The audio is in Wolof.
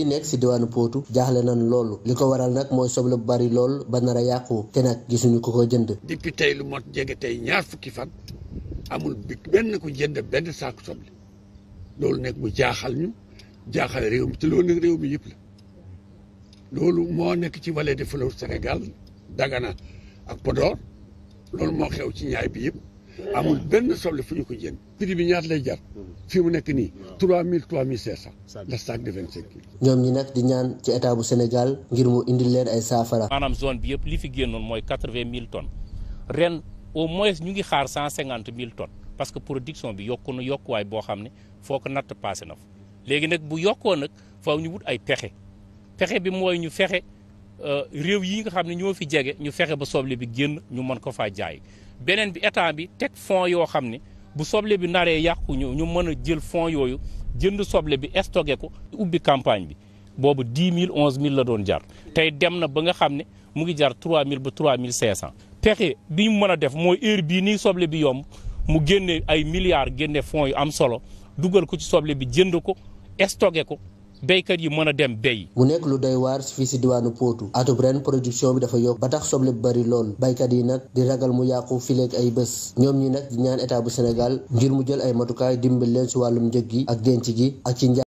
yi nekk si diwaanu Potou jaaxle nañ loolu li ko waral nag mooy soble bu bari lool ba nar a yàqu te gisuñu ko ko jënd. tey lu mot jege tey ñaar fukki fan amul bi benn ku jënd benn saako soble loolu nekk mu jaaxal ñu jaaxal réew mi te loolu nag réew mi yëpp la loolu moo nekk ci vallée de senegal Dagana ak Podor loolu moo xew ci ñaay bi yëpp. amul benn solde fu ñu ko jënd prix bi ñaata lay jar fii mu nekk nii trois mille trois mille cinq cent le sac de vingt cinq kilos ñoom ñi nag di ñaan ci état bu Sénégal ngir mu indi leen ay saafara maanaam zone bi yëpp li fi génnoon mooy quatre vingt mille ton ren au moins ñu ngi xaar cent cinquante mille tonnes parce que production bi yokku na yokkuwaay boo xam ne foo ko natt passé na fa léegi nag bu yokkoo nag faaw ñu wut ay pexe pexe bi mooy ñu fexe Euh, réew yi nga xam ne ñoo fi jege ñu fexe ba soble bi génn ñu mën ko faa jaay beneen bi état bi teg fonds yoo xam ne bu soble bi naree yàqu ñu ñu mën a jël fonds yooyu jënd soble bi stocké ko ubbi campagne bi boobu 10 000 11 000 la doon jar tey dem na ba nga xam ne mu ngi jar 3 000 ba 3 500 pexe bi ñu mën a def mooy heure bii ni soble bi yomb mu génne ay milliards génne fonds yu am solo dugal ko ci soble bi jënd ko stocké ko béykat yi mën a dem béy. mu nekk lu day waar fii si diwaanu Potou atub ren production bi dafa yokk ba tax soble bu bëri lool béykat yi nag di ragal mu yàqu fileeg ay bés ñoom ñi nag di ñaan état bu Sénégal ngir mu jël ay matukaay dimbal leen si wàllum njëg gi ak denc gi ak ci